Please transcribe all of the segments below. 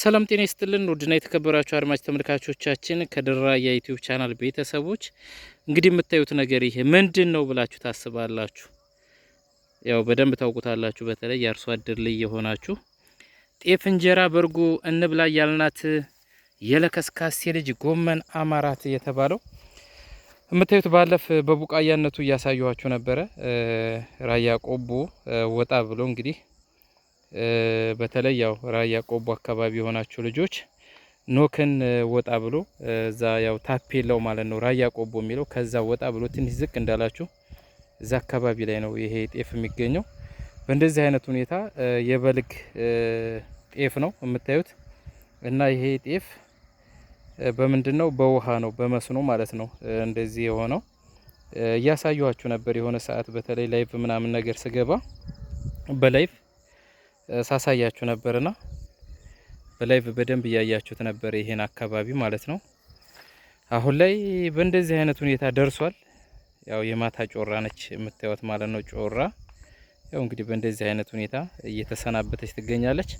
ሰላም ጤና ይስጥልን ውድና የተከበራችሁ አድማጭ ተመልካቾቻችን ከደራ የዩቲዩብ ቻናል ቤተሰቦች፣ እንግዲህ የምታዩት ነገር ይሄ ምንድን ነው ብላችሁ ታስባላችሁ? ያው በደንብ ታውቁታላችሁ። በተለይ የአርሶ አደር ላይ የሆናችሁ ጤፍ እንጀራ በርጎ እንብላ ያልናት የለከስካሴ ልጅ ጎመን አማራት የተባለው የምታዩት ባለፍ በቡቃያነቱ እያሳየኋችሁ ነበረ። ራያ ቆቦ ወጣ ብሎ እንግዲህ በተለይ ያው ራያ ቆቦ አካባቢ የሆናችሁ ልጆች ኖክን ወጣ ብሎ እዛ ያው ታፔላው ማለት ነው ራያ ቆቦ የሚለው ከዛ ወጣ ብሎ ትንሽ ዝቅ እንዳላችሁ እዛ አካባቢ ላይ ነው ይሄ ጤፍ የሚገኘው። በእንደዚህ አይነት ሁኔታ የበልግ ጤፍ ነው የምታዩት። እና ይሄ ጤፍ በምንድን ነው? በውሃ ነው በመስኖ ማለት ነው እንደዚህ የሆነው። እያሳየኋችሁ ነበር የሆነ ሰዓት በተለይ ላይቭ ምናምን ነገር ስገባ በላይቭ ሳሳያችሁ ነበርና በላይቭ በደንብ እያያችሁት ነበር ይሄን አካባቢ ማለት ነው። አሁን ላይ በእንደዚህ አይነት ሁኔታ ደርሷል። ያው የማታ ጮራ ነች የምታዩት ማለት ነው። ጮራ ያው እንግዲህ በእንደዚህ አይነት ሁኔታ እየተሰናበተች ትገኛለች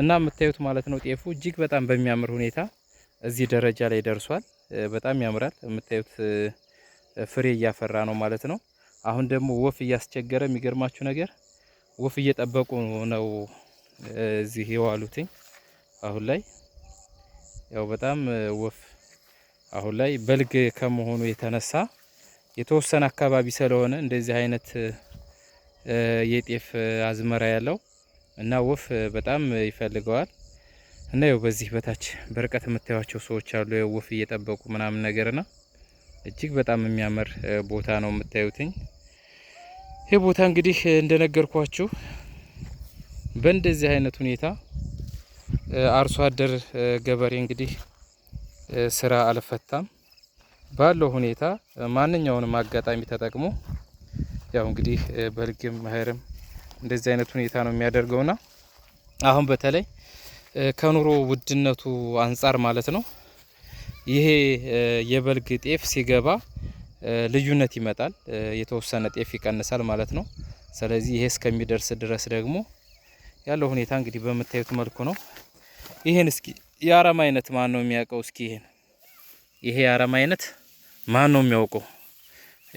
እና የምታዩት ማለት ነው ጤፉ እጅግ በጣም በሚያምር ሁኔታ እዚህ ደረጃ ላይ ደርሷል። በጣም ያምራል። የምታዩት ፍሬ እያፈራ ነው ማለት ነው። አሁን ደግሞ ወፍ እያስቸገረ የሚገርማችሁ ነገር ወፍ እየጠበቁ ነው እዚህ የዋሉትኝ። አሁን ላይ ያው በጣም ወፍ አሁን ላይ በልግ ከመሆኑ የተነሳ የተወሰነ አካባቢ ስለሆነ እንደዚህ አይነት የጤፍ አዝመራ ያለው እና ወፍ በጣም ይፈልገዋል እና ያው በዚህ በታች በርቀት የምታዩቸው ሰዎች አሉ ወፍ እየጠበቁ ምናምን ነገርና እጅግ በጣም የሚያምር ቦታ ነው የምታዩትኝ። ይህ ቦታ እንግዲህ እንደነገርኳችሁ በእንደዚህ አይነት ሁኔታ አርሶ አደር ገበሬ እንግዲህ ስራ አልፈታም ባለው ሁኔታ ማንኛውንም አጋጣሚ ተጠቅሞ ያው እንግዲህ በልግም መኸርም እንደዚህ አይነት ሁኔታ ነው የሚያደርገውና አሁን በተለይ ከኑሮ ውድነቱ አንጻር ማለት ነው ይሄ የበልግ ጤፍ ሲገባ ልዩነት ይመጣል። የተወሰነ ጤፍ ይቀንሳል ማለት ነው። ስለዚህ ይሄ እስከሚደርስ ድረስ ደግሞ ያለው ሁኔታ እንግዲህ በምታዩት መልኩ ነው። ይሄን እስኪ የአረም አይነት ማን ነው የሚያውቀው? እስኪ ይሄን ይሄ የአረም አይነት ማን ነው የሚያውቀው?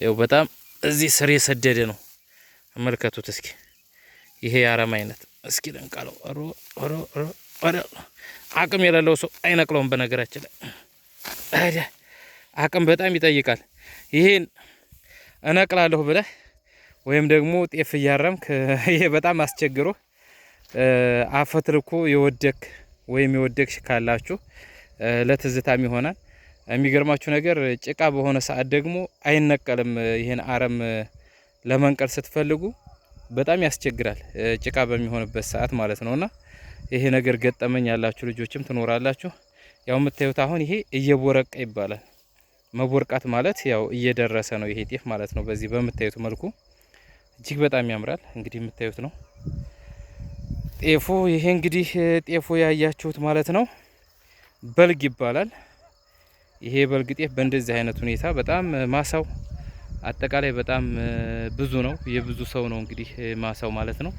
ያው በጣም እዚህ ስር የሰደደ ነው። ተመልከቱት እስኪ ይሄ የአረም አይነት እስኪ ደንቃለው። አቅም የሌለው ሰው አይነቅለውም። በነገራችን ላይ አቅም በጣም ይጠይቃል። ይሄን እነቅላለሁ ብለህ ወይም ደግሞ ጤፍ እያረምክ ይሄ በጣም አስቸግሮ አፈትልኮ የወደክ ወይም የወደክሽ ካላችሁ ለትዝታም ይሆናል። የሚገርማችሁ ነገር ጭቃ በሆነ ሰዓት ደግሞ አይነቀልም። ይህን አረም ለመንቀል ስትፈልጉ በጣም ያስቸግራል፣ ጭቃ በሚሆንበት ሰዓት ማለት ነውና ይሄ ነገር ገጠመኝ ያላችሁ ልጆችም ትኖራላችሁ። ያው የምታዩት አሁን ይሄ እየቦረቀ ይባላል። መቦርቃት ማለት ያው እየደረሰ ነው ይሄ ጤፍ ማለት ነው። በዚህ በምታዩት መልኩ እጅግ በጣም ያምራል። እንግዲህ የምታዩት ነው ጤፉ። ይሄ እንግዲህ ጤፉ ያያችሁት ማለት ነው በልግ ይባላል። ይሄ በልግ ጤፍ በእንደዚህ አይነት ሁኔታ በጣም ማሳው አጠቃላይ በጣም ብዙ ነው፣ የብዙ ሰው ነው እንግዲህ ማሳው ማለት ነው።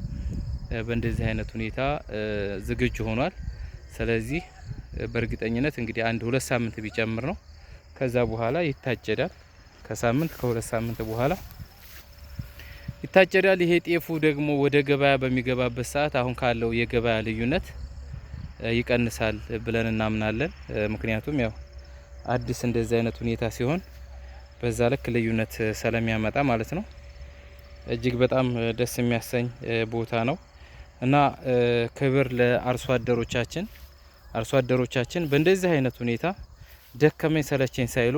በእንደዚህ አይነት ሁኔታ ዝግጁ ሆኗል። ስለዚህ በእርግጠኝነት እንግዲህ አንድ ሁለት ሳምንት ቢጨምር ነው ከዛ በኋላ ይታጨዳል። ከሳምንት ከሁለት ሳምንት በኋላ ይታጨዳል። ይሄ ጤፉ ደግሞ ወደ ገበያ በሚገባበት ሰዓት አሁን ካለው የገበያ ልዩነት ይቀንሳል ብለን እናምናለን። ምክንያቱም ያው አዲስ እንደዚህ አይነት ሁኔታ ሲሆን በዛ ልክ ልዩነት ስለሚያመጣ ማለት ነው። እጅግ በጣም ደስ የሚያሰኝ ቦታ ነው እና ክብር ለአርሶ አደሮቻችን አርሶ አደሮቻችን በእንደዚህ አይነት ሁኔታ ደከመኝ ሰለቸኝ ሳይሉ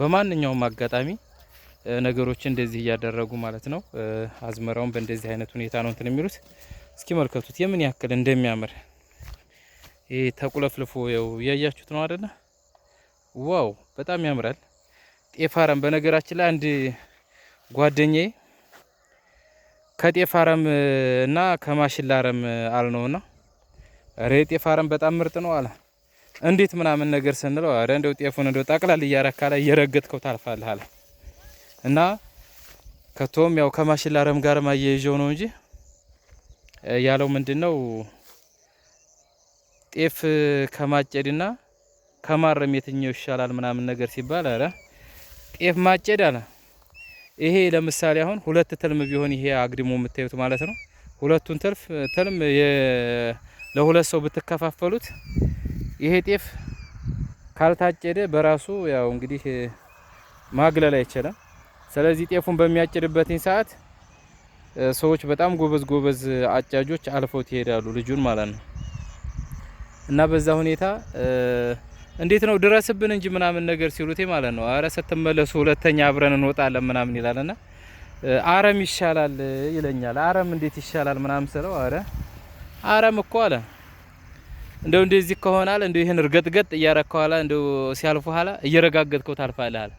በማንኛውም አጋጣሚ ነገሮች እንደዚህ እያደረጉ ማለት ነው። አዝመራውን በእንደዚህ አይነት ሁኔታ ነው እንትን የሚሉት። እስኪ መልከቱት የምን ያክል እንደሚያምር ይህ ተቁለፍልፎ ያው እያያችሁት ነው አደለ? ዋው በጣም ያምራል። ጤፍ አረም በነገራችን ላይ አንድ ጓደኛዬ ከጤፍ አረም እና ከማሽላ አረም አልነውና ሬ ጤፍ አረም በጣም ምርጥ ነው አላ እንዴት ምናምን ነገር ስንለው አረ እንደው ጤፉን እንደው ጠቅላል እያረካ ላይ እየረገጥከው ታልፋለህ አለ እና ከቶም ያው ከማሽላ ረም ጋር አያይዘው ነው እንጂ ያለው ምንድነው ጤፍ ከማጨድና ከማረም የትኛው ይሻላል ምናምን ነገር ሲባል አረ ጤፍ ማጨድ አለ። ይሄ ለምሳሌ አሁን ሁለት ትልም ቢሆን ይሄ አግድሞ የምታዩት ማለት ነው። ሁለቱን ትልፍ ትልም ለሁለት ሰው ብትከፋፈሉት ይሄ ጤፍ ካልታጨደ በራሱ ያው እንግዲህ ማግለል አይችልም። ስለዚህ ጤፉን በሚያጭድበትኝ ሰዓት ሰዎች በጣም ጎበዝ ጎበዝ አጫጆች አልፈው ይሄዳሉ ልጁን ማለት ነው። እና በዛ ሁኔታ እንዴት ነው ድረስብን እንጂ ምናምን ነገር ሲሉት ማለት ነው። አረ ስትመለሱ ሁለተኛ አብረን እንወጣለን ምናምን ይላልና አረም ይሻላል ይለኛል። አረም እንዴት ይሻላል ምናምን ስለው አረ አረም እኮ አለ እንደው እንደዚህ ከሆናል እንደው ይሄን እርገጥገጥ እያረከው ኋላ እንደው ሲያልፉ ኋላ እየረጋገጥከው ታልፋለህ አለ።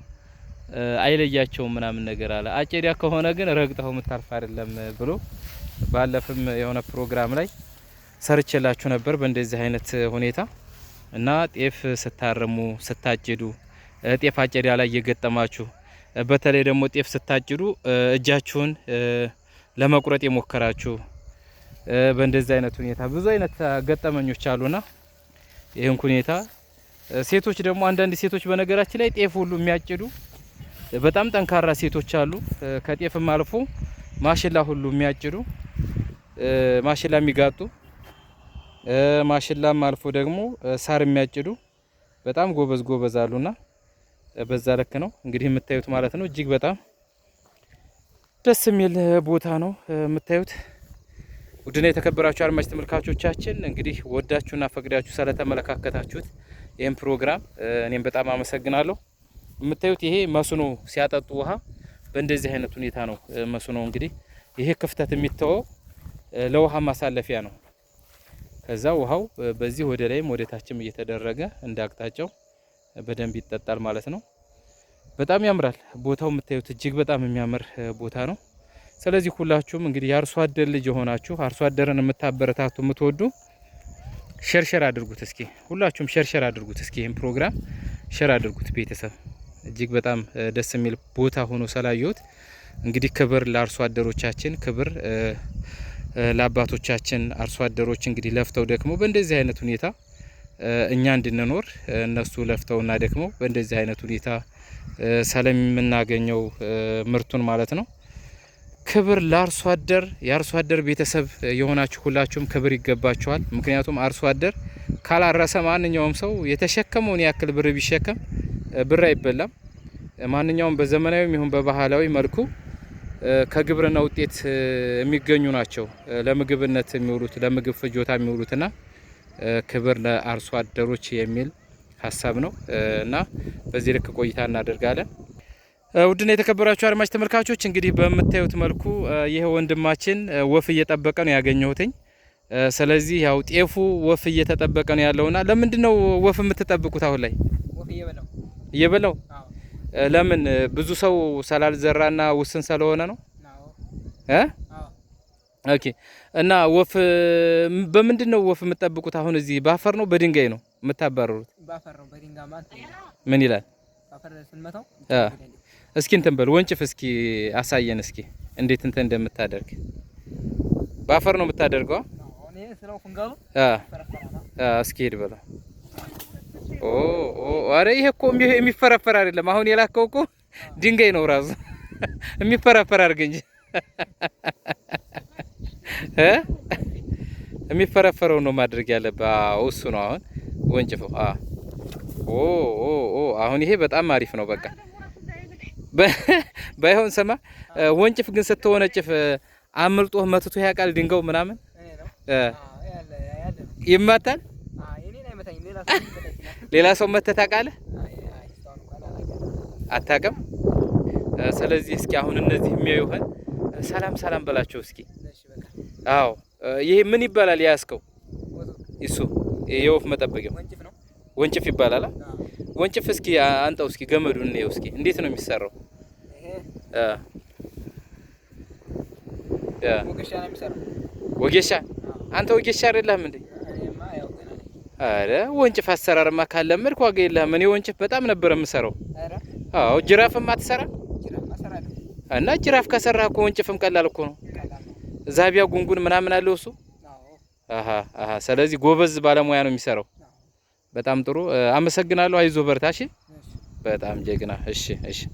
አይለያቸውም ምናምን ነገር አለ። አጨዳ ከሆነ ግን ረግጠው የምታልፍ አይደለም ብሎ ባለፍም የሆነ ፕሮግራም ላይ ሰርቼላችሁ ነበር በእንደዚህ አይነት ሁኔታ እና ጤፍ ስታርሙ ስታጭዱ ጤፍ አጨዳ ላይ እየገጠማችሁ በተለይ ደግሞ ጤፍ ስታጭዱ እጃችሁን ለመቁረጥ የሞከራችሁ በእንደዚህ አይነት ሁኔታ ብዙ አይነት ገጠመኞች አሉና ይህን ሁኔታ ሴቶች ደግሞ አንዳንድ ሴቶች በነገራችን ላይ ጤፍ ሁሉ የሚያጭዱ በጣም ጠንካራ ሴቶች አሉ። ከጤፍም አልፎ ማሽላ ሁሉ የሚያጭዱ ማሽላ የሚጋጡ ማሽላም አልፎ ደግሞ ሳር የሚያጭዱ በጣም ጎበዝ ጎበዝ አሉና በዛ ልክ ነው እንግዲህ የምታዩት ማለት ነው። እጅግ በጣም ደስ የሚል ቦታ ነው የምታዩት። ውድና የተከበራችሁ አድማጭ ተመልካቾቻችን እንግዲህ ወዳችሁና ፈቅዳችሁ ስለተመለካከታችሁት ይህን ፕሮግራም እኔም በጣም አመሰግናለሁ። የምታዩት ይሄ መስኖ ሲያጠጡ ውሃ በእንደዚህ አይነት ሁኔታ ነው። መስኖ እንግዲህ ይሄ ክፍተት የሚተወው ለውሃ ማሳለፊያ ነው። ከዛ ውሃው በዚህ ወደ ላይም ወደ ታችም እየተደረገ እንደ አቅጣጫው በደንብ ይጠጣል ማለት ነው። በጣም ያምራል ቦታው። የምታዩት እጅግ በጣም የሚያምር ቦታ ነው። ስለዚህ ሁላችሁም እንግዲህ የአርሶ አደር ልጅ የሆናችሁ አርሶ አደርን የምታበረታቱ የምትወዱ ሸርሸር አድርጉት እስኪ ሁላችሁም ሸርሸር አድርጉት እስኪ ይህን ፕሮግራም ሸር አድርጉት ቤተሰብ እጅግ በጣም ደስ የሚል ቦታ ሆኖ ስላየሁት እንግዲህ ክብር ለአርሶ አደሮቻችን ክብር ለአባቶቻችን አርሶ አደሮች እንግዲህ ለፍተው ደክመው በእንደዚህ አይነት ሁኔታ እኛ እንድንኖር እነሱ ለፍተውና ደክመው በእንደዚህ አይነት ሁኔታ ሰለም የምናገኘው ምርቱን ማለት ነው ክብር ለአርሶ አደር የአርሶ አደር ቤተሰብ የሆናችሁ ሁላችሁም ክብር ይገባችኋል። ምክንያቱም አርሶ አደር ካላረሰ ማንኛውም ሰው የተሸከመውን ያክል ብር ቢሸከም ብር አይበላም። ማንኛውም በዘመናዊ ይሁን በባህላዊ መልኩ ከግብርና ውጤት የሚገኙ ናቸው ለምግብነት የሚውሉት ለምግብ ፍጆታ የሚውሉትና ክብር ለአርሶ አደሮች የሚል ሀሳብ ነው እና በዚህ ልክ ቆይታ እናደርጋለን። ውድና የተከበራችሁ አድማጭ ተመልካቾች እንግዲህ በምታዩት መልኩ ይህ ወንድማችን ወፍ እየጠበቀ ነው ያገኘሁትኝ። ስለዚህ ያው ጤፉ ወፍ እየተጠበቀ ነው ያለውና ለምንድን ነው ወፍ የምትጠብቁት አሁን ላይ? እየበላው ለምን ብዙ ሰው ስላልዘራና ውስን ስለሆነ ነው እ ኦኬ እና ወፍ በምንድን ነው ወፍ የምትጠብቁት አሁን? እዚህ ባፈር ነው በድንጋይ ነው የምታባረሩት? ምን ይላል? እስኪ እንትን በል ወንጭፍ፣ እስኪ አሳየን፣ እስኪ እንዴት እንትን እንደምታደርግ። በአፈር ነው የምታደርገው? እስኪ ሄድ በለው። ኦ ኦ፣ አረ ይሄ እኮ የሚፈረፈር አይደለም። አሁን የላከው እኮ ድንጋይ ነው ራሱ። የሚፈረፈር አድርግ እንጂ እ የሚፈረፈረው ነው ማድረግ ያለብህ። እሱ ነው አሁን ወንጭፈው። አዎ ኦ ኦ ኦ፣ አሁን ይሄ በጣም አሪፍ ነው በቃ ባይሆን ስማ ወንጭፍ ግን ስትወነጭፍ አምልጦህ መትቶ ያውቃል? ድንጋው ምናምን ይመታል። ሌላ ሰው መተህ ታውቃለህ? አታውቅም። ስለዚህ እስኪ አሁን እነዚህ የሚያዩህን ሰላም ሰላም በላቸው እስኪ። አዎ ይሄ ምን ይባላል? ያስከው እሱ የወፍ መጠበቂያው ወንጭፍ ይባላል። ወንጭፍ እስኪ አንጠው እስኪ ገመዱን ነው እስኪ እንዴት ነው የሚሰራው? ወጌሻ አንተ ወጌሻ አይደለህም እንዴ? አረ ወንጭፍ አሰራርማ ካለመድክ ዋጋ የለህም። እኔ ወንጭፍ በጣም ነበር የምሰራው። አዎ ጅራፍም አትሰራ እና ጅራፍ ከሰራህ እኮ ወንጭፍም ቀላል እኮ ነው። ዛቢያ ጉንጉን ምናምን አለው እሱ። አሃ አሃ። ስለዚህ ጎበዝ ባለሙያ ነው የሚሰራው። በጣም ጥሩ አመሰግናለሁ። አይዞ በርታ። እሺ፣ በጣም ጀግና። እሺ፣ እሺ።